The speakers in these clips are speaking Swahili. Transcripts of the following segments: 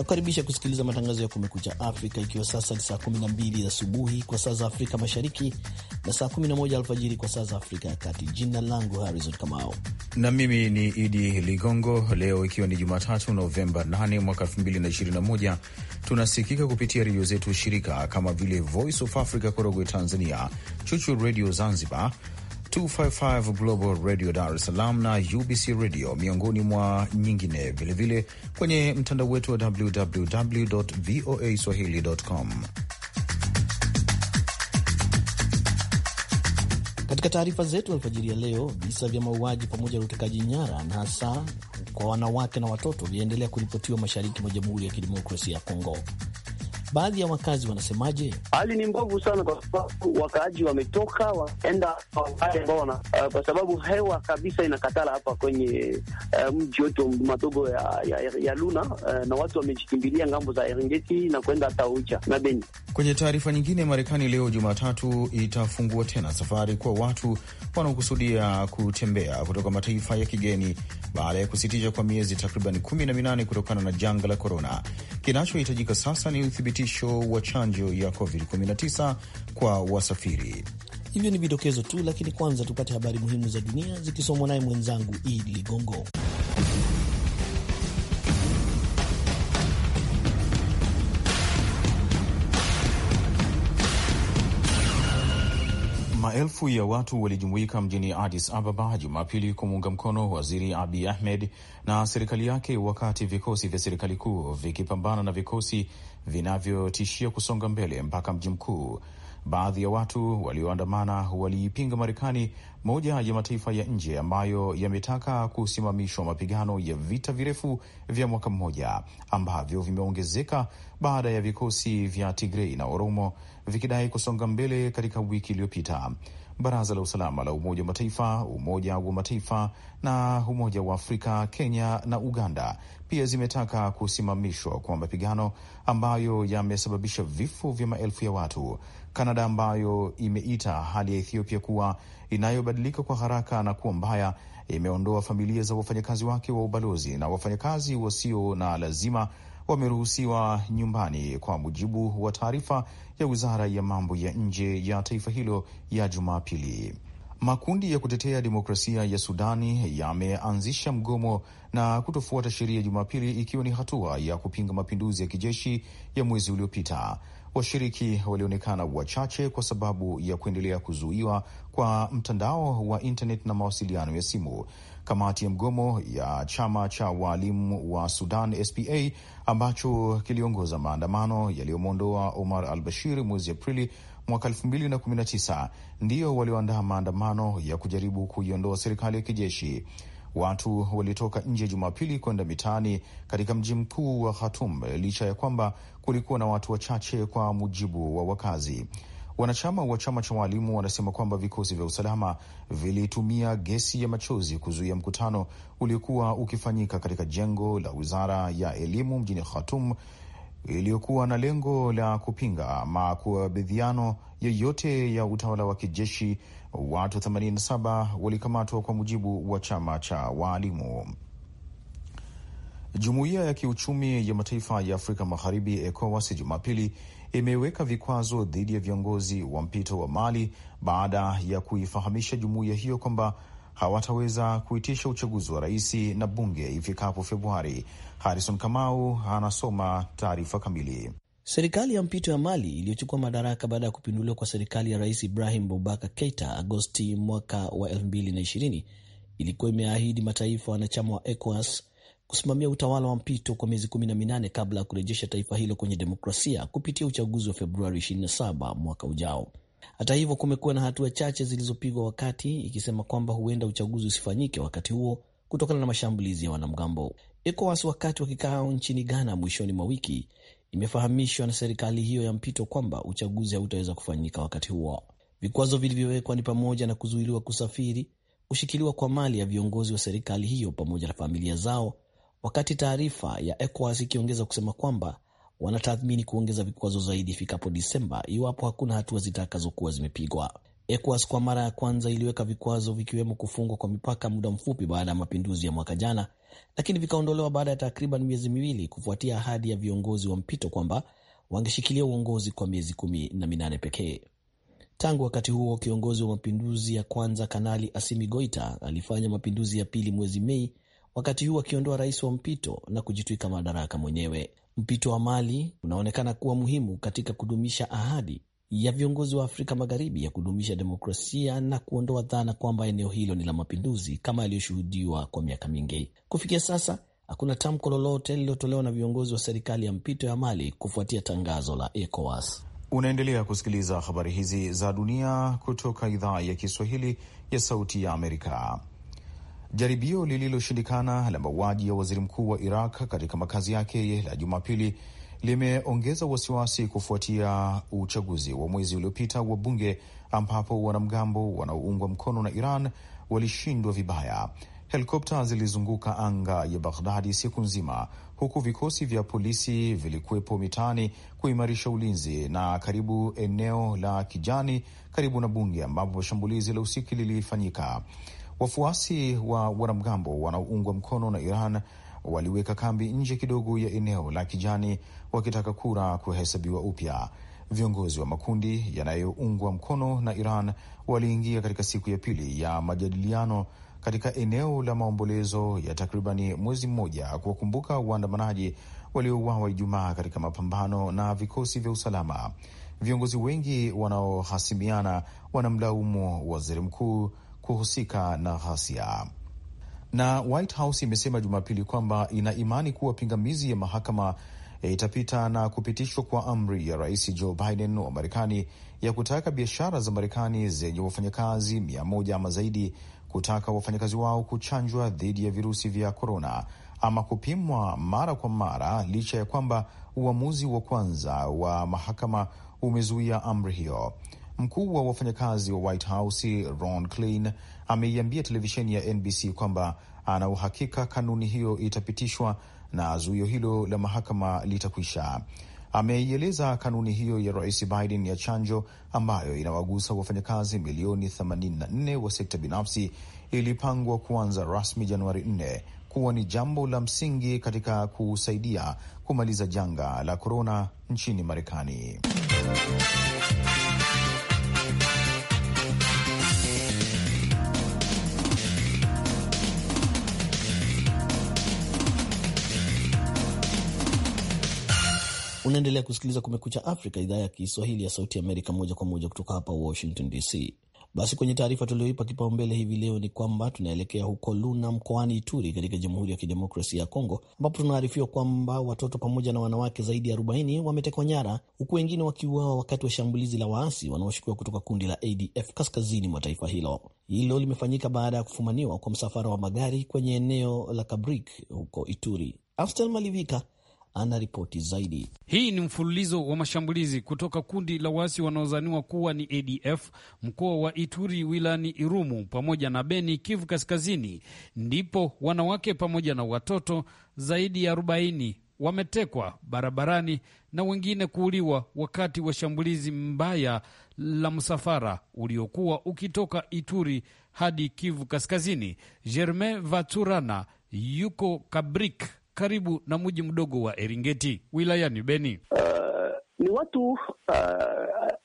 nakukaribisha kusikiliza matangazo ya Kumekucha Afrika, ikiwa sasa ni saa 12 asubuhi kwa saa za Afrika Mashariki na saa 11 alfajiri kwa saa za Afrika ya Kati. Jina langu Harrison Kamao na mimi ni Idi Ligongo. Leo ikiwa ni Jumatatu, Novemba 8 mwaka 2021, tunasikika kupitia redio zetu shirika kama vile Voice of Africa Korogwe Tanzania, Chuchu Redio Zanzibar, 255 Global Radio Dar es Salaam na UBC Radio miongoni mwa nyingine, vilevile kwenye mtandao wetu wa www voa swahili.com. Katika taarifa zetu alfajiri ya leo, visa vya mauaji pamoja na utekaji nyara na hasa kwa wanawake na watoto viendelea kuripotiwa mashariki mwa Jamhuri ya Kidemokrasia ya Kongo. Baadhi ya wakazi wanasemaje? Hali ni mbovu sana, kwa sababu wakaaji wametoka waenda wale ambao wana uh, kwa sababu hewa kabisa inakatala hapa kwenye uh, mji wetu madogo ya, ya, ya Luna uh, na watu wamejikimbilia ngambo za Erengeti na kwenda Taucha na Beni. Kwenye taarifa nyingine, Marekani leo Jumatatu itafungua tena safari kwa watu wanaokusudia kutembea kutoka mataifa ya kigeni baada ya kusitisha kwa miezi takriban kumi na minane kutokana na janga la korona. Kinachohitajika sasa ni uthibiti uthibitisho wa chanjo ya COVID-19 kwa wasafiri. Hivyo ni vidokezo tu, lakini kwanza tupate habari muhimu za dunia zikisomwa naye mwenzangu Idi Ligongo. Maelfu ya watu walijumuika mjini Addis Ababa Jumapili kumuunga mkono Waziri abi Ahmed na serikali yake wakati vikosi vya serikali kuu vikipambana na vikosi vinavyotishia kusonga mbele mpaka mji mkuu Baadhi ya watu walioandamana waliipinga Marekani, moja ya mataifa ya nje ambayo yametaka kusimamishwa mapigano ya vita virefu vya mwaka mmoja ambavyo vimeongezeka baada ya vikosi vya Tigrei na Oromo vikidai kusonga mbele katika wiki iliyopita. Baraza la usalama la Umoja wa Mataifa, Umoja wa Mataifa na Umoja wa Afrika, Kenya na Uganda pia zimetaka kusimamishwa kwa mapigano ambayo yamesababisha vifo vya maelfu ya watu. Kanada ambayo imeita hali ya Ethiopia kuwa inayobadilika kwa haraka na kuwa mbaya, imeondoa familia za wafanyakazi wake wa ubalozi na wafanyakazi wasio na lazima wameruhusiwa nyumbani, kwa mujibu wa taarifa ya wizara ya mambo ya nje ya taifa hilo ya Jumapili. Makundi ya kutetea demokrasia ya Sudani yameanzisha mgomo na kutofuata sheria Jumapili, ikiwa ni hatua ya kupinga mapinduzi ya kijeshi ya mwezi uliopita. Washiriki walionekana wachache kwa sababu ya kuendelea kuzuiwa kwa mtandao wa intanet na mawasiliano ya simu. Kamati ya mgomo ya chama cha waalimu wa Sudan SPA ambacho kiliongoza maandamano yaliyomwondoa Omar al Bashir mwezi Aprili mwaka 2019 ndiyo walioandaa maandamano ya kujaribu kuiondoa serikali ya kijeshi. Watu walitoka nje Jumapili kwenda mitaani katika mji mkuu wa Khartoum licha ya kwamba kulikuwa na watu wachache, kwa mujibu wa wakazi. Wanachama wa chama cha waalimu wanasema kwamba vikosi vya usalama vilitumia gesi ya machozi kuzuia mkutano uliokuwa ukifanyika katika jengo la wizara ya elimu mjini Khartoum iliyokuwa na lengo la kupinga makuabidhiano yoyote ya utawala wa kijeshi. Watu 87 walikamatwa kwa mujibu wa chama cha waalimu. Jumuiya ya kiuchumi ya mataifa ya Afrika Magharibi, ECOWAS, Jumapili imeweka vikwazo dhidi ya viongozi wa mpito wa Mali baada ya kuifahamisha jumuiya hiyo kwamba hawataweza kuitisha uchaguzi wa rais na bunge ifikapo Februari. Harrison Kamau anasoma taarifa kamili. Serikali ya mpito ya Mali iliyochukua madaraka baada ya kupinduliwa kwa serikali ya rais Ibrahim Boubacar Keita Agosti mwaka wa 2020 ilikuwa imeahidi mataifa wanachama wa ECOWAS kusimamia utawala wa mpito kwa miezi 18 kabla ya kurejesha taifa hilo kwenye demokrasia kupitia uchaguzi wa Februari 27 mwaka ujao. Hata hivyo, kumekuwa na hatua chache zilizopigwa, wakati ikisema kwamba huenda uchaguzi usifanyike wakati huo kutokana na mashambulizi ya wanamgambo. ECOWAS wakati wa kikao nchini Ghana mwishoni mwa wiki imefahamishwa na serikali hiyo ya mpito kwamba uchaguzi hautaweza kufanyika wakati huo. Vikwazo vilivyowekwa ni pamoja na kuzuiliwa kusafiri, kushikiliwa kwa mali ya viongozi wa serikali hiyo pamoja na familia zao, wakati taarifa ya ECOWAS ikiongeza kusema kwamba wanatathmini kuongeza vikwazo zaidi ifikapo Disemba iwapo hakuna hatua zitakazokuwa zimepigwa. ECOWAS kwa mara ya kwanza iliweka vikwazo vikiwemo kufungwa kwa mipaka muda mfupi baada ya mapinduzi ya mwaka jana, lakini vikaondolewa baada ya takriban miezi miwili kufuatia ahadi ya viongozi wa mpito kwamba wangeshikilia uongozi kwa miezi kumi na minane pekee. Tangu wakati huo kiongozi wa mapinduzi ya kwanza Kanali Asimi Goita alifanya mapinduzi ya pili mwezi Mei, wakati huu akiondoa rais wa mpito na kujitwika madaraka mwenyewe. Mpito wa Mali unaonekana kuwa muhimu katika kudumisha ahadi ya viongozi wa Afrika Magharibi ya kudumisha demokrasia na kuondoa dhana kwamba eneo hilo ni la mapinduzi kama yaliyoshuhudiwa kwa miaka mingi. Kufikia sasa hakuna tamko lolote lililotolewa na viongozi wa serikali ya mpito ya Mali kufuatia tangazo la ECOWAS. Unaendelea kusikiliza habari hizi za dunia kutoka idhaa ya Kiswahili ya Sauti ya Amerika. Jaribio lililoshindikana la mauaji ya waziri mkuu wa Iraq katika makazi yake la Jumapili limeongeza wasiwasi kufuatia uchaguzi wa mwezi uliopita wa bunge ambapo wanamgambo wanaoungwa mkono na Iran walishindwa vibaya. Helikopta zilizunguka anga ya Baghdadi siku nzima, huku vikosi vya polisi vilikuwepo mitaani kuimarisha ulinzi na karibu eneo la kijani karibu na bunge ambapo shambulizi la usiku lilifanyika. Wafuasi wa wanamgambo wanaoungwa mkono na Iran waliweka kambi nje kidogo ya eneo la kijani wakitaka kura kuhesabiwa upya. Viongozi wa makundi yanayoungwa mkono na Iran waliingia katika siku ya pili ya majadiliano katika eneo la maombolezo ya takribani mwezi mmoja kuwakumbuka waandamanaji waliouawa Ijumaa katika mapambano na vikosi vya usalama. Viongozi wengi wanaohasimiana wanamlaumu waziri mkuu kuhusika na ghasia. Na White House imesema Jumapili kwamba ina imani kuwa pingamizi ya mahakama e, itapita na kupitishwa kwa amri ya Rais Joe Biden wa Marekani ya kutaka biashara za Marekani zenye wafanyakazi mia moja ama zaidi kutaka wafanyakazi wao kuchanjwa dhidi ya virusi vya korona ama kupimwa mara kwa mara, licha ya kwamba uamuzi wa kwanza wa mahakama umezuia amri hiyo. Mkuu wa wafanyakazi wa White House Ron Klain ameiambia televisheni ya NBC kwamba ana uhakika kanuni hiyo itapitishwa na zuio hilo la mahakama litakwisha. Ameieleza kanuni hiyo ya Rais Biden ya chanjo ambayo inawagusa wafanyakazi milioni 84 wa sekta binafsi ilipangwa kuanza rasmi Januari 4 kuwa ni jambo la msingi katika kusaidia kumaliza janga la korona nchini Marekani. Unaendelea kusikiliza Kumekucha Afrika, idhaa ya Kiswahili ya Sauti Amerika, moja kwa moja kutoka hapa Washington DC. Basi kwenye taarifa tulioipa kipaumbele hivi leo ni kwamba tunaelekea huko Luna mkoani Ituri katika Jamhuri ya Kidemokrasia ya Kongo, ambapo tunaarifiwa kwamba watoto pamoja na wanawake zaidi ya 40 wametekwa nyara, huku wengine wakiuawa wakati wa shambulizi la waasi wanaoshukiwa kutoka kundi la ADF kaskazini mwa taifa hilo. Hilo limefanyika baada ya kufumaniwa kwa msafara wa magari kwenye eneo la Kabrik huko Ituri. Astel Malivika anaripoti zaidi. Hii ni mfululizo wa mashambulizi kutoka kundi la waasi wanaozaniwa kuwa ni ADF mkoa wa Ituri wilani Irumu pamoja na Beni, Kivu Kaskazini, ndipo wanawake pamoja na watoto zaidi ya 40 wametekwa barabarani na wengine kuuliwa wakati wa shambulizi mbaya la msafara uliokuwa ukitoka Ituri hadi Kivu Kaskazini. Germain Vaturana yuko Kabrik karibu na mji mdogo wa Eringeti wilayani Beni. Uh ni watu uh,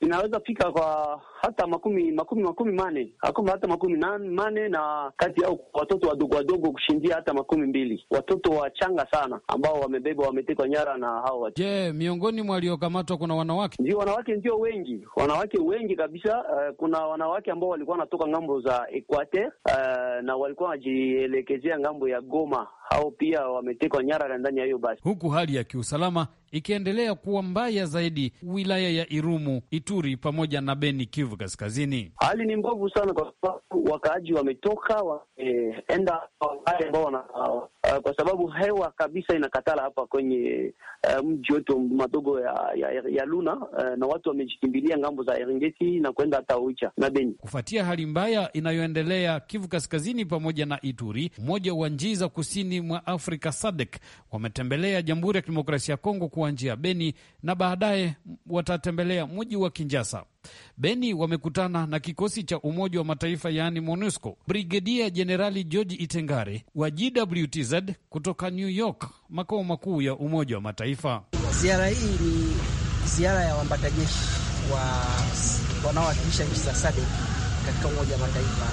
inaweza fika kwa hata makumi makumi makumi mane hakuma hata makumi nan, mane na kati yao watoto wadogo wadogo kushindia hata makumi mbili watoto wachanga sana ambao wamebebwa wametekwa nyara na hao watu. Je, miongoni mwa waliokamatwa kuna wanawake? Ndio, wanawake ndio wengi, wanawake wengi kabisa. Uh, kuna wanawake ambao walikuwa wanatoka ngambo za Equateur uh, na walikuwa wanajielekezea ngambo ya Goma, hao pia wametekwa nyara ndani ya hiyo basi, huku hali ya kiusalama ikiendelea kuwa mbaya zaidi wilaya ya Irumu, Ituri pamoja na Beni, Kivu Kaskazini. Hali ni mbovu sana, kwa sababu wakaaji wametoka wameenda wale ambao wana uh, kwa sababu hewa kabisa inakatala hapa kwenye uh, mji wetu madogo ya, ya, ya Luna uh, na watu wamejikimbilia ngambo za Eringeti na kwenda hata Uicha na Beni kufuatia hali mbaya inayoendelea Kivu Kaskazini pamoja na Ituri. Mmoja wa njii za kusini mwa Afrika SADC wametembelea Jamhuri ya Kidemokrasia ya Kongo njia Beni na baadaye watatembelea mji wa kinjasa Beni wamekutana na kikosi cha Umoja wa Mataifa yaani MONUSCO. Brigedia Jenerali George Itengare wa GWTZ kutoka New York, makao makuu ya Umoja wa Mataifa. Ziara hii ni ziara ya jeshi wa wanaowakilisha nchi za SADC katika Umoja wa Mataifa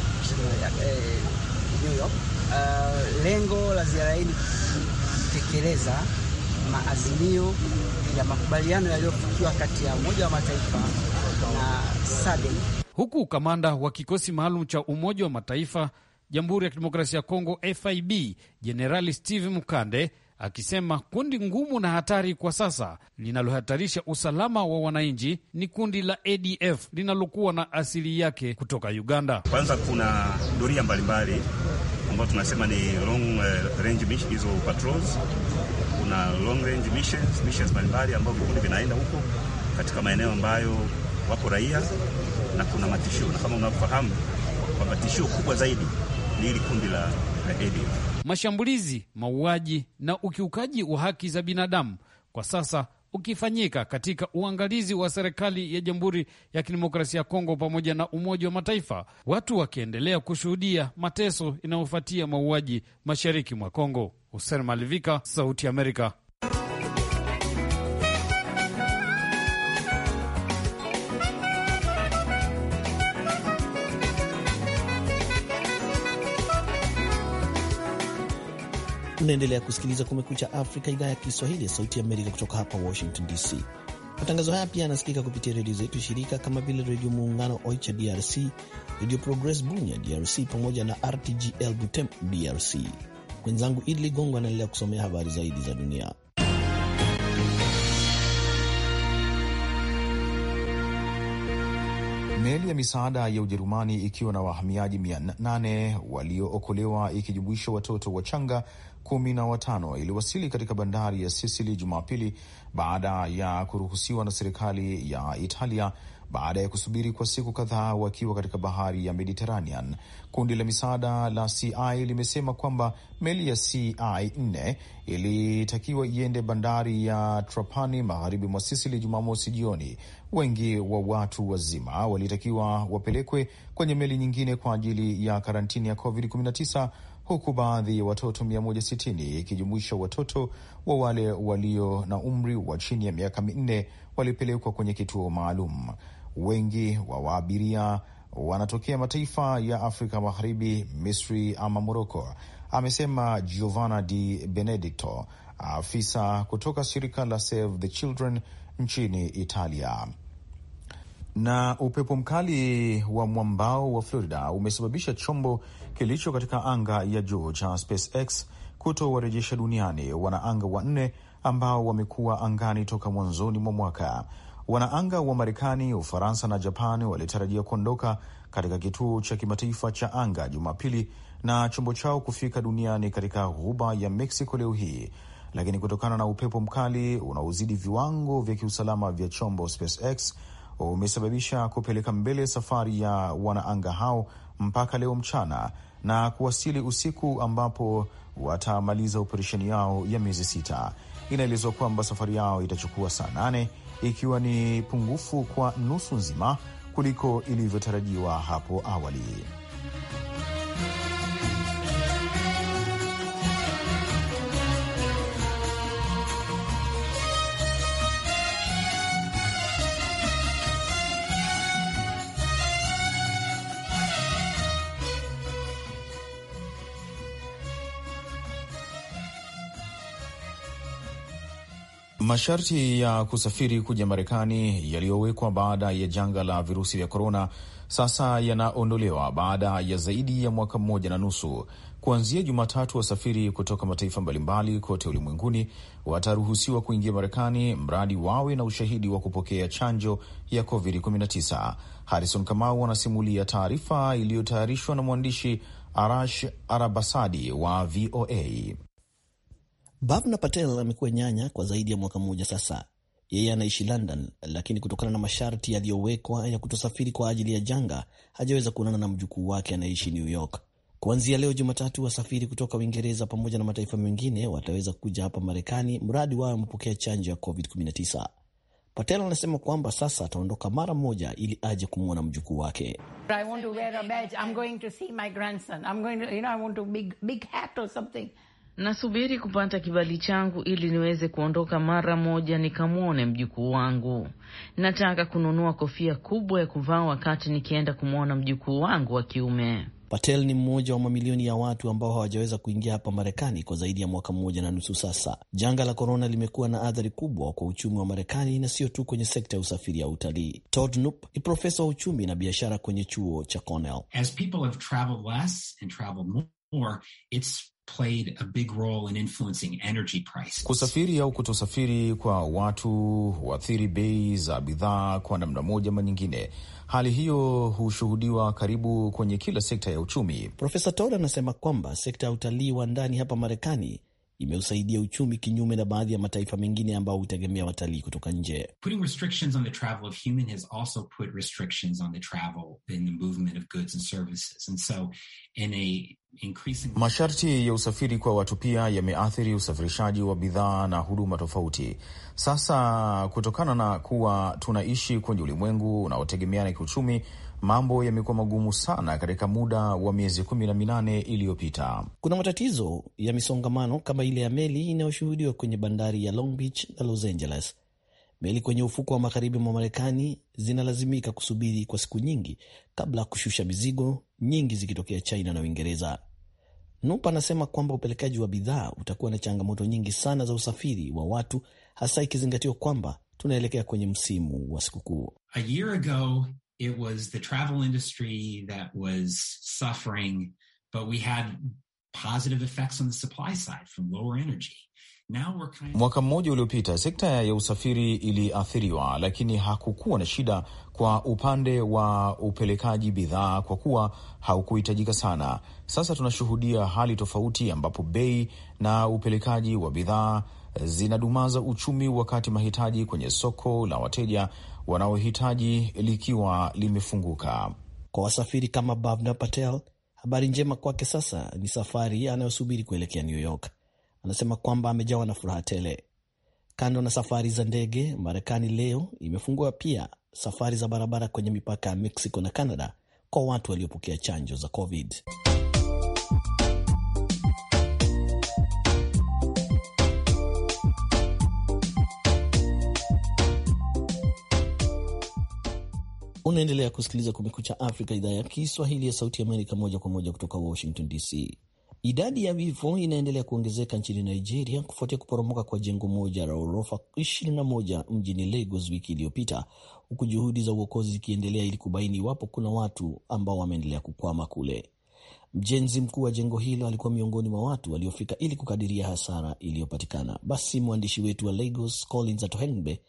eh, New York. Uh, lengo la ziara hii ni kutekeleza maazimio ya makubaliano yaliyofikiwa kati ya Umoja wa Mataifa na SADC. Huku kamanda wa kikosi maalum cha Umoja wa Mataifa Jamhuri ya Kidemokrasia ya Kongo FIB Jenerali Steve Mukande akisema kundi ngumu na hatari kwa sasa linalohatarisha usalama wa wananchi ni kundi la ADF linalokuwa na asili yake kutoka Uganda. Kwanza kuna doria mbalimbali ambayo tunasema ni long eh, range hizo patrols kuna long range missions, missions mbalimbali ambayo vikundi vinaenda huko katika maeneo ambayo wapo raia na kuna matishio, na kama unavyofahamu kwamba tishio kubwa zaidi ni hili kundi la ADF. Mashambulizi, mauaji na ukiukaji wa haki za binadamu kwa sasa ukifanyika katika uangalizi wa serikali ya Jamhuri ya Kidemokrasia ya Kongo pamoja na Umoja wa Mataifa, watu wakiendelea kushuhudia mateso inayofuatia mauaji mashariki mwa Kongo. Hussein Malivika, Sauti Amerika. Unaendelea kusikiliza Kumekucha Afrika, idhaa ya Kiswahili ya Sauti Amerika kutoka hapa Washington DC. Matangazo haya pia yanasikika kupitia redio zetu shirika kama vile Redio Muungano Oicha DRC, Redio Progress Bunya DRC pamoja na RTGL Butem DRC. Mwenzangu Idi Ligongo anaendelea kusomea habari zaidi za dunia. Meli ya misaada ya Ujerumani ikiwa na wahamiaji 800 waliookolewa ikijumuisha watoto wachanga kumi na watano iliwasili katika bandari ya Sisili Jumapili baada ya kuruhusiwa na serikali ya Italia baada ya kusubiri kwa siku kadhaa wakiwa katika bahari ya Mediterranean. Kundi la misaada la CI limesema kwamba meli ya CI 4 ilitakiwa iende bandari ya Trapani magharibi mwa Sisili Jumamosi jioni. Wengi wa watu wazima walitakiwa wapelekwe kwenye meli nyingine kwa ajili ya karantini ya COVID-19 huku baadhi ya watoto 160 ikijumuisha watoto wa wale walio na umri wa chini ya miaka minne walipelekwa kwenye kituo maalum wengi wa waabiria wanatokea mataifa ya Afrika Magharibi, Misri ama Moroko, amesema Giovanna Di Benedicto, afisa kutoka shirika la Save the Children nchini Italia. Na upepo mkali wa mwambao wa Florida umesababisha chombo kilicho katika anga ya juu cha SpaceX kutowarejesha duniani wanaanga wanne ambao wamekuwa angani toka mwanzoni mwa mwaka. Wanaanga wa Marekani, Ufaransa na Japan walitarajia kuondoka katika kituo cha kimataifa cha anga Jumapili na chombo chao kufika duniani katika ghuba ya Mexico leo hii, lakini kutokana na upepo mkali unaozidi viwango vya kiusalama vya chombo SpaceX umesababisha kupeleka mbele safari ya wanaanga hao mpaka leo mchana na kuwasili usiku ambapo watamaliza operesheni yao ya miezi sita. Inaelezwa kwamba safari yao itachukua saa nane ikiwa ni pungufu kwa nusu nzima kuliko ilivyotarajiwa hapo awali. Masharti ya kusafiri kuja Marekani yaliyowekwa baada ya janga la virusi vya korona sasa yanaondolewa baada ya zaidi ya mwaka mmoja na nusu. Kuanzia Jumatatu, wasafiri kutoka mataifa mbalimbali kote ulimwenguni wataruhusiwa kuingia Marekani mradi wawe na ushahidi wa kupokea chanjo ya COVID-19. Harrison Kamau anasimulia taarifa iliyotayarishwa na mwandishi Arash Arabasadi wa VOA. Bhavna Patel amekuwa nyanya kwa zaidi ya mwaka mmoja sasa. Yeye anaishi London, lakini kutokana na masharti yaliyowekwa ya kutosafiri kwa ajili ya janga hajaweza kuonana na mjukuu wake anayeishi New York. Kuanzia leo Jumatatu, wasafiri kutoka Uingereza pamoja na mataifa mengine wataweza kuja hapa Marekani mradi wao amepokea chanjo ya COVID-19. Patel anasema kwamba sasa ataondoka mara moja ili aje kumwona mjukuu wake. I want to wear a badge. I'm going to see my grandson. I'm going to, you know, I want to big, big hat or something. Nasubiri kupata kibali changu ili niweze kuondoka mara moja nikamwone mjukuu wangu. Nataka kununua kofia kubwa ya kuvaa wakati nikienda kumwona mjukuu wangu wa kiume. Patel ni mmoja wa mamilioni ya watu ambao hawajaweza kuingia hapa Marekani kwa zaidi ya mwaka mmoja na nusu sasa. Janga la korona limekuwa na athari kubwa kwa uchumi wa Marekani na sio tu kwenye sekta ya usafiri ya utalii. Todd Noop ni profesa wa uchumi na biashara kwenye chuo cha Cornell. As people have traveled less and traveled more, it's Played a big role in influencing energy prices. Kusafiri au kutosafiri kwa watu huathiri bei za bidhaa kwa namna moja ama nyingine. Hali hiyo hushuhudiwa karibu kwenye kila sekta ya uchumi. Profesa Tod anasema kwamba sekta ya utalii wa ndani hapa Marekani imeusaidia uchumi, kinyume na baadhi ya mataifa mengine ambao hutegemea watalii kutoka nje. Masharti ya usafiri kwa watu pia yameathiri usafirishaji wa bidhaa na huduma tofauti. Sasa, kutokana na kuwa tunaishi kwenye ulimwengu unaotegemeana kiuchumi mambo yamekuwa magumu sana katika muda wa miezi kumi na minane iliyopita. Kuna matatizo ya misongamano kama ile ya meli inayoshuhudiwa kwenye bandari ya Long Beach na Los Angeles. Meli kwenye ufuko wa magharibi mwa Marekani zinalazimika kusubiri kwa siku nyingi kabla ya kushusha mizigo, nyingi zikitokea China na Uingereza. nup anasema kwamba upelekaji wa bidhaa utakuwa na changamoto nyingi sana za usafiri wa watu, hasa ikizingatiwa kwamba tunaelekea kwenye msimu wa sikukuu. it was the travel industry that was suffering, but we had positive effects on the supply side from lower energy. Now we're kind of... Mwaka mmoja uliopita sekta ya usafiri iliathiriwa, lakini hakukuwa na shida kwa upande wa upelekaji bidhaa kwa kuwa haukuhitajika sana. Sasa tunashuhudia hali tofauti ambapo bei na upelekaji wa bidhaa zinadumaza uchumi wakati mahitaji kwenye soko la wateja wanaohitaji likiwa limefunguka kwa wasafiri kama Bhavna Patel. Habari njema kwake sasa ni safari anayosubiri kuelekea New York. Anasema kwamba amejawa na furaha tele. Kando na safari za ndege, Marekani leo imefungua pia safari za barabara kwenye mipaka ya Mexico na Canada kwa watu waliopokea chanjo za COVID. Unaendelea kusikiliza Kumekucha Afrika, idhaa ya Kiswahili ya Sauti Amerika, moja kwa moja kutoka Washington DC. Idadi ya vifo inaendelea kuongezeka nchini Nigeria kufuatia kuporomoka kwa jengo moja la ghorofa 21 mjini Lagos wiki iliyopita, huku juhudi za uokozi zikiendelea ili kubaini iwapo kuna watu ambao wameendelea kukwama kule. Mjenzi mkuu wa jengo hilo alikuwa miongoni mwa watu waliofika ili kukadiria hasara iliyopatikana. Basi mwandishi wetu wa Lagos Collins Atohenbe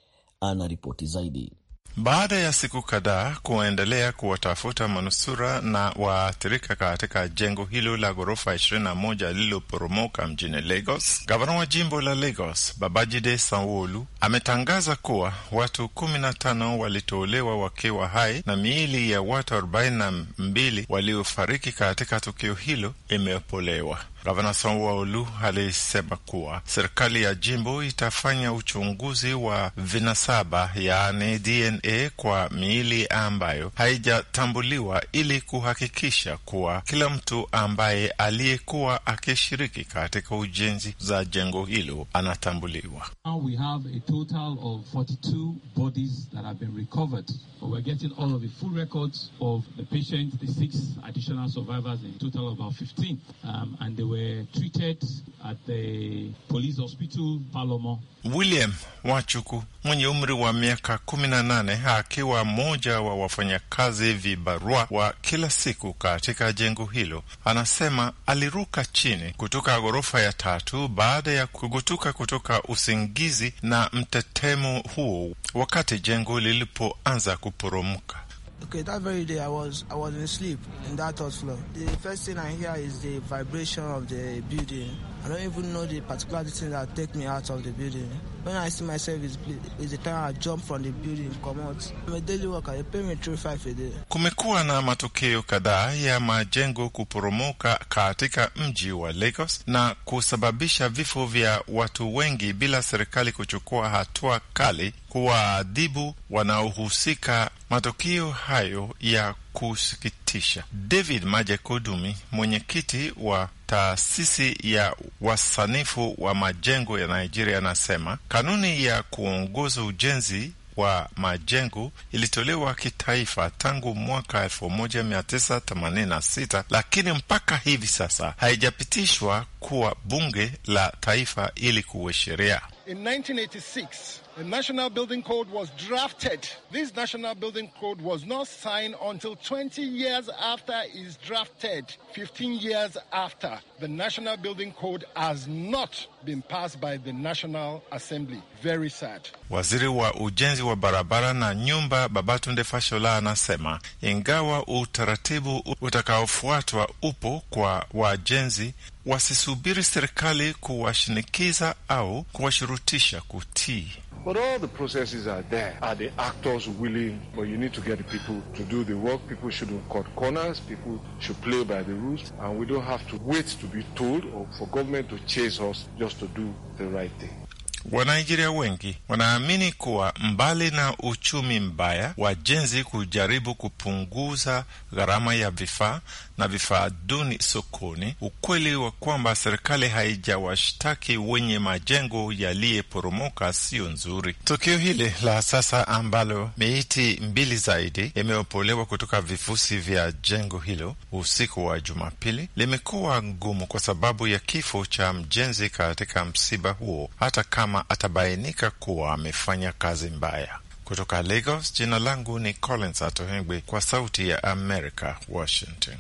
ana ripoti zaidi. Baada ya siku kadhaa kuendelea kuwatafuta manusura na waathirika katika jengo hilo la ghorofa 21 lililoporomoka mjini Lagos, gavana wa jimbo la Lagos Babajide Sanwo-Olu ametangaza kuwa watu 15 walitolewa wakiwa hai na miili ya watu 42 waliofariki katika tukio hilo imepolewa Gavana Sanwo-Olu alisema kuwa serikali ya jimbo itafanya uchunguzi wa vinasaba, yaani DNA, kwa miili ambayo haijatambuliwa ili kuhakikisha kuwa kila mtu ambaye aliyekuwa akishiriki katika ujenzi za jengo hilo anatambuliwa. Now we have a total of 42 Um, were treated at the police hospital Palomo. William Wachuku mwenye umri wa miaka kumi na nane akiwa mmoja wa wafanyakazi vibarua wa kila siku katika jengo hilo anasema aliruka chini kutoka ghorofa ya tatu baada ya kugutuka kutoka usingizi na mtetemo huo wakati jengo lilipoanza kuporomoka. Okay, that very day I was I was in sleep in that third floor. The first thing I hear is the vibration of the building. I don't even know the particular thing that take me out of the building. When I see myself, it's, it's the time I jump from the building, come out. My daily work, they pay me three five a day. Kumekuwa na matokeo kadhaa ya majengo kuporomoka katika mji wa Lagos na kusababisha vifo vya watu wengi bila serikali kuchukua hatua kali kuwaadhibu wanaohusika. Matokeo hayo ya kusikitisha. David Majekodumi, mwenyekiti wa taasisi ya wasanifu wa majengo ya Nigeria anasema kanuni ya kuongoza ujenzi wa majengo ilitolewa kitaifa tangu mwaka 1986 lakini mpaka hivi sasa haijapitishwa kuwa bunge la taifa ili kuwe sheria. In 1986 a national building code was drafted. This national building code was not signed until 20 years after it's drafted, 15 years after. The national building code has not been passed by the National Assembly. Very sad. Waziri wa ujenzi wa barabara na nyumba Babatunde Fashola anasema ingawa utaratibu utakaofuatwa upo kwa wajenzi wasisubiri serikali kuwashinikiza au kuwashurutisha kutii. But all the processes are there. Are the actors willing? But you need to get the people to do the work. People shouldn't cut corners. People should play by the rules. And we don't have to wait to be told or for government to chase us just to do the right thing. Wanaijeria wengi wanaamini kuwa mbali na uchumi mbaya, wajenzi kujaribu kupunguza gharama ya vifaa na vifaa duni sokoni, ukweli wa kwamba serikali haijawashtaki wenye majengo yaliyeporomoka sio nzuri. Tukio hili la sasa ambalo miiti mbili zaidi imeopolewa kutoka vifusi vya jengo hilo usiku wa Jumapili limekuwa ngumu kwa sababu ya kifo cha mjenzi katika msiba huo, hata kama atabainika kuwa amefanya kazi mbaya. Kutoka Lagos, jina langu ni Collins Atohengwi, kwa Sauti ya America, Washington.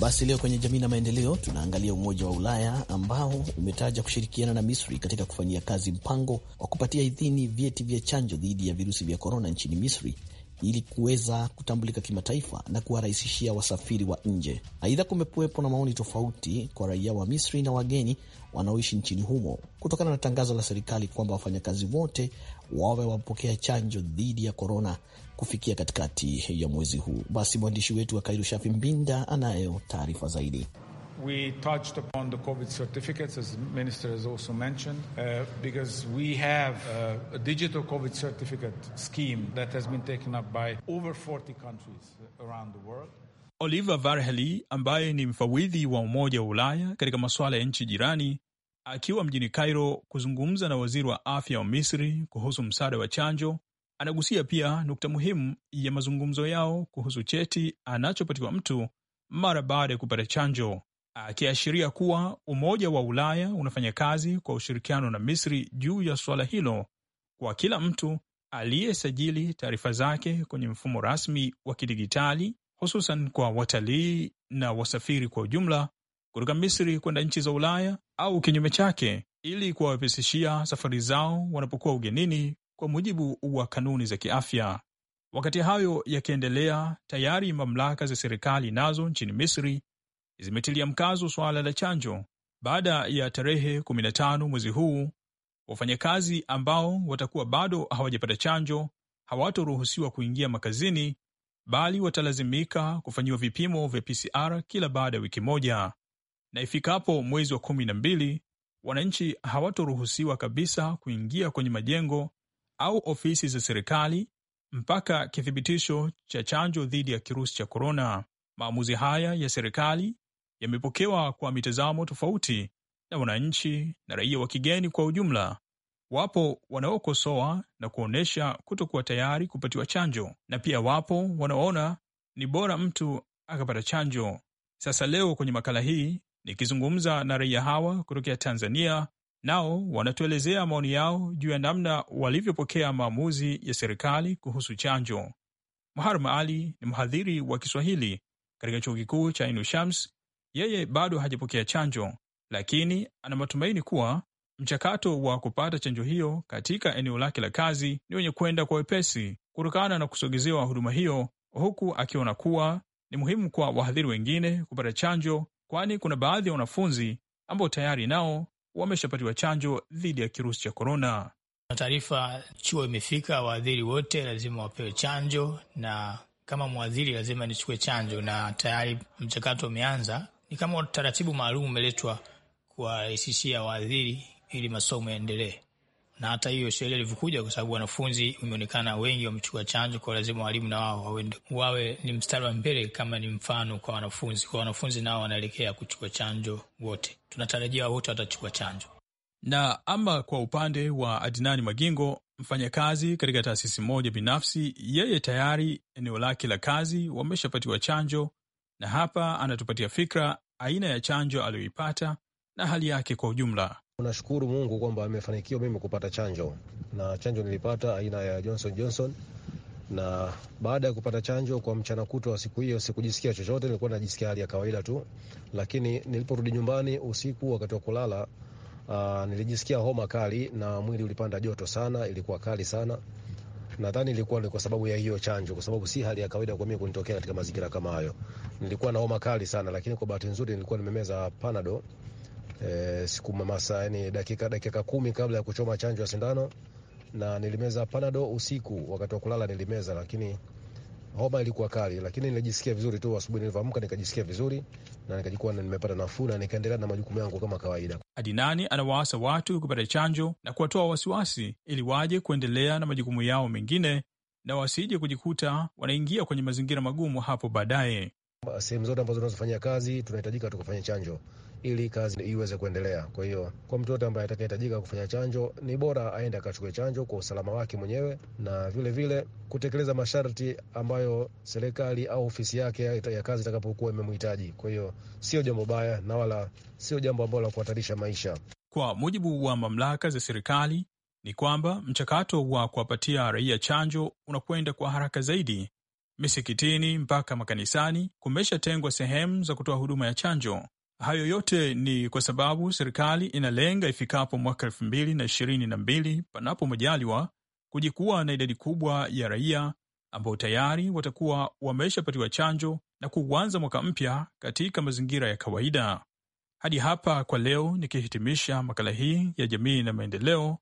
Basi leo kwenye jamii na maendeleo tunaangalia Umoja wa Ulaya ambao umetaja kushirikiana na Misri katika kufanyia kazi mpango wa kupatia idhini vyeti vya chanjo dhidi ya virusi vya korona nchini Misri ili kuweza kutambulika kimataifa na kuwarahisishia wasafiri wa nje. Aidha, kumekuwepo na maoni tofauti kwa raia wa Misri na wageni wanaoishi nchini humo kutokana na tangazo la serikali kwamba wafanyakazi wote wawe wapokea chanjo dhidi ya korona kufikia katikati ya mwezi huu. Basi mwandishi wetu wa Kairo, Shafi Mbinda, anayo taarifa zaidi. We touched upon the COVID certificates, as the minister has also mentioned, uh, because we have uh, a digital COVID certificate scheme that has been taken up by over 40 countries around the world. Oliver Varhelyi ambaye ni mfawidhi wa Umoja wa Ulaya katika masuala ya nchi jirani akiwa mjini Cairo kuzungumza na waziri wa afya wa Misri kuhusu msaada wa chanjo. Anagusia pia nukta muhimu ya mazungumzo yao kuhusu cheti anachopatiwa mtu mara baada ya kupata chanjo akiashiria kuwa Umoja wa Ulaya unafanya kazi kwa ushirikiano na Misri juu ya suala hilo kwa kila mtu aliyesajili taarifa zake kwenye mfumo rasmi wa kidigitali, hususan kwa watalii na wasafiri kwa ujumla kutoka Misri kwenda nchi za Ulaya au kinyume chake, ili kuwawepesishia safari zao wanapokuwa ugenini kwa mujibu wa kanuni za kiafya. Wakati hayo yakiendelea, tayari mamlaka za serikali nazo nchini Misri zimetilia mkazo suala la chanjo baada ya tarehe 15 mwezi huu. Wafanyakazi ambao watakuwa bado hawajapata chanjo hawatoruhusiwa kuingia makazini, bali watalazimika kufanyiwa vipimo vya PCR kila baada ya wiki moja, na ifikapo mwezi wa 12 wananchi hawatoruhusiwa kabisa kuingia kwenye majengo au ofisi za serikali mpaka kithibitisho cha chanjo dhidi ya kirusi cha korona. Maamuzi haya ya serikali yamepokewa kwa mitazamo tofauti na wananchi na raia wa kigeni kwa ujumla. Wapo wanaokosoa na kuonyesha kutokuwa tayari kupatiwa chanjo, na pia wapo wanaoona ni bora mtu akapata chanjo. Sasa leo kwenye makala hii nikizungumza na raia hawa kutokea Tanzania, nao wanatuelezea maoni yao juu ya namna walivyopokea maamuzi ya serikali kuhusu chanjo. Muharram Ali ni mhadhiri wa Kiswahili katika chuo kikuu cha Ain Shams yeye bado hajapokea chanjo, lakini ana matumaini kuwa mchakato wa kupata chanjo hiyo katika eneo lake la kazi ni wenye kwenda kwa wepesi kutokana na kusogezewa huduma hiyo, huku akiona kuwa ni muhimu kwa wahadhiri wengine kupata chanjo, kwani kuna baadhi ya wanafunzi ambao tayari nao wameshapatiwa chanjo dhidi ya kirusi cha korona. Na taarifa chuo imefika, wahadhiri wote lazima wapewe chanjo, na kama mwadhiri lazima nichukue chanjo, na tayari mchakato umeanza ni kama utaratibu maalum umeletwa kuwarahisishia waadhiri ili masomo yaendelee. Na hata hiyo sheria ilivyokuja, kwa sababu wanafunzi umeonekana wengi wamechukua chanjo, kwa lazima walimu na wao wawe ni mstari wa mbele, kama ni mfano kwa wanafunzi. Kwa wanafunzi nao wanaelekea kuchukua chanjo wote, tunatarajia wote watachukua chanjo. Na ama kwa upande wa Adinani Magingo, mfanyakazi katika taasisi moja binafsi, yeye tayari eneo lake la kazi wameshapatiwa chanjo na hapa anatupatia fikra aina ya chanjo aliyoipata na hali yake kwa ujumla. Nashukuru Mungu kwamba amefanikiwa mimi kupata chanjo, na chanjo nilipata aina ya Johnson Johnson, na baada ya kupata chanjo kwa mchana kutwa wa siku hiyo sikujisikia chochote, nilikuwa najisikia hali ya kawaida tu, lakini niliporudi nyumbani usiku wakati wa kulala, uh, nilijisikia homa kali na mwili ulipanda joto sana, ilikuwa kali sana Nadhani ilikuwa ni kwa sababu ya hiyo chanjo, kwa sababu si hali ya kawaida kwa mimi kunitokea katika mazingira kama hayo. Nilikuwa na homa kali sana, lakini kwa bahati nzuri nilikuwa nimemeza panado e, eh, siku mamasa, yani dakika dakika kumi kabla ya kuchoma chanjo ya sindano, na nilimeza panado usiku wakati wa kulala nilimeza, lakini homa ilikuwa kali, lakini nilijisikia vizuri tu asubuhi. Nilivyoamka nikajisikia vizuri na nikajikuwa nimepata nafuu na nikaendelea na majukumu yangu kama kawaida. Adinani anawaasa watu kupata chanjo na kuwatoa wasiwasi ili waje kuendelea na majukumu yao mengine na wasije kujikuta wanaingia kwenye mazingira magumu hapo baadaye. Sehemu zote ambazo tunazofanyia kazi tunahitajika tukafanya chanjo ili kazi iweze kuendelea. Kwa hiyo kwa mtu yote ambaye atakayehitajika kufanya chanjo, ni bora aende akachukue chanjo kwa usalama wake mwenyewe, na vilevile vile kutekeleza masharti ambayo serikali au ofisi yake ya kazi itakapokuwa imemhitaji. Kwa hiyo sio jambo baya na wala sio jambo ambalo la kuhatarisha maisha. Kwa mujibu wa mamlaka za serikali ni kwamba mchakato wa kuwapatia raia chanjo unakwenda kwa haraka zaidi. Misikitini mpaka makanisani kumeshatengwa sehemu za kutoa huduma ya chanjo. Hayo yote ni kwa sababu serikali inalenga ifikapo mwaka elfu mbili na ishirini na mbili, panapo majaliwa, kujikuwa na idadi kubwa ya raia ambao tayari watakuwa wameshapatiwa chanjo na kuuanza mwaka mpya katika mazingira ya kawaida. Hadi hapa kwa leo, nikihitimisha makala hii ya jamii na maendeleo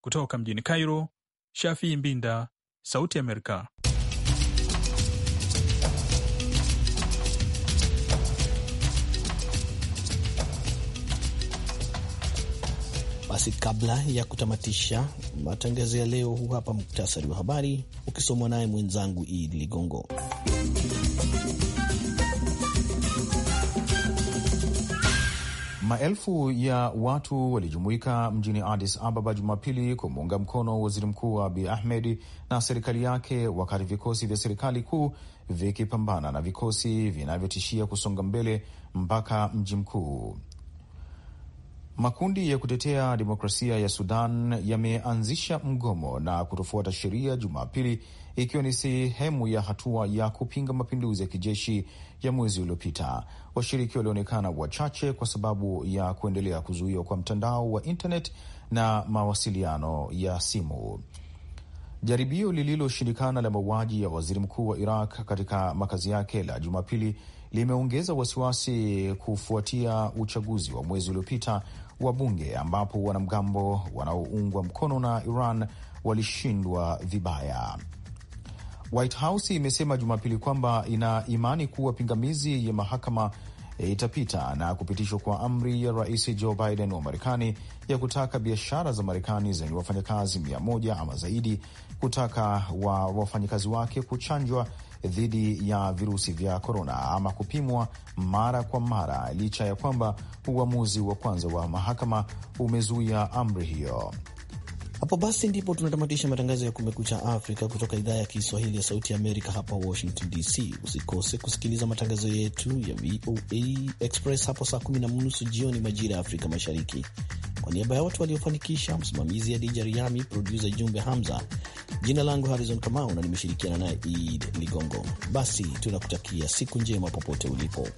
kutoka mjini Cairo, Shafi Mbinda, Sauti Amerika. Basi kabla ya kutamatisha matangazo ya leo, huu hapa muktasari wa habari ukisomwa naye mwenzangu Idi Ligongo. Maelfu ya watu walijumuika mjini Addis Ababa Jumapili kumuunga mkono waziri mkuu abi Ahmed na serikali yake, wakati vikosi vya serikali kuu vikipambana na vikosi vinavyotishia kusonga mbele mpaka mji mkuu. Makundi ya kutetea demokrasia ya Sudan yameanzisha mgomo na kutofuata sheria Jumapili, ikiwa ni sehemu ya hatua ya kupinga mapinduzi ya kijeshi ya mwezi uliopita. Washiriki walionekana wachache kwa sababu ya kuendelea kuzuiwa kwa mtandao wa intanet na mawasiliano ya simu. Jaribio lililoshindikana la mauaji ya waziri mkuu wa Iraq katika makazi yake la Jumapili limeongeza wasiwasi kufuatia uchaguzi wa mwezi uliopita wa bunge ambapo wanamgambo wanaoungwa mkono na Iran walishindwa vibaya. White House imesema Jumapili kwamba ina imani kuwa pingamizi ya mahakama eh, itapita na kupitishwa kwa amri ya Rais Joe Biden wa Marekani ya kutaka biashara za Marekani zenye wafanyakazi mia moja ama zaidi kutaka wa wafanyakazi wake kuchanjwa dhidi ya virusi vya korona ama kupimwa mara kwa mara, licha ya kwamba uamuzi wa kwanza wa mahakama umezuia amri hiyo. Hapo basi ndipo tunatamatisha matangazo ya Kumekucha Afrika kutoka idhaa ya Kiswahili ya Sauti ya Amerika hapa Washington DC. Usikose kusikiliza matangazo yetu ya VOA Express hapo saa kumi na nusu jioni majira ya Afrika Mashariki. Kwa niaba ya watu waliofanikisha, msimamizi Adija Riami, produsa Jumbe Hamza, Jina langu Harizon Kamau na nimeshirikiana naye Id Ligongo. Basi tunakutakia siku njema popote ulipo.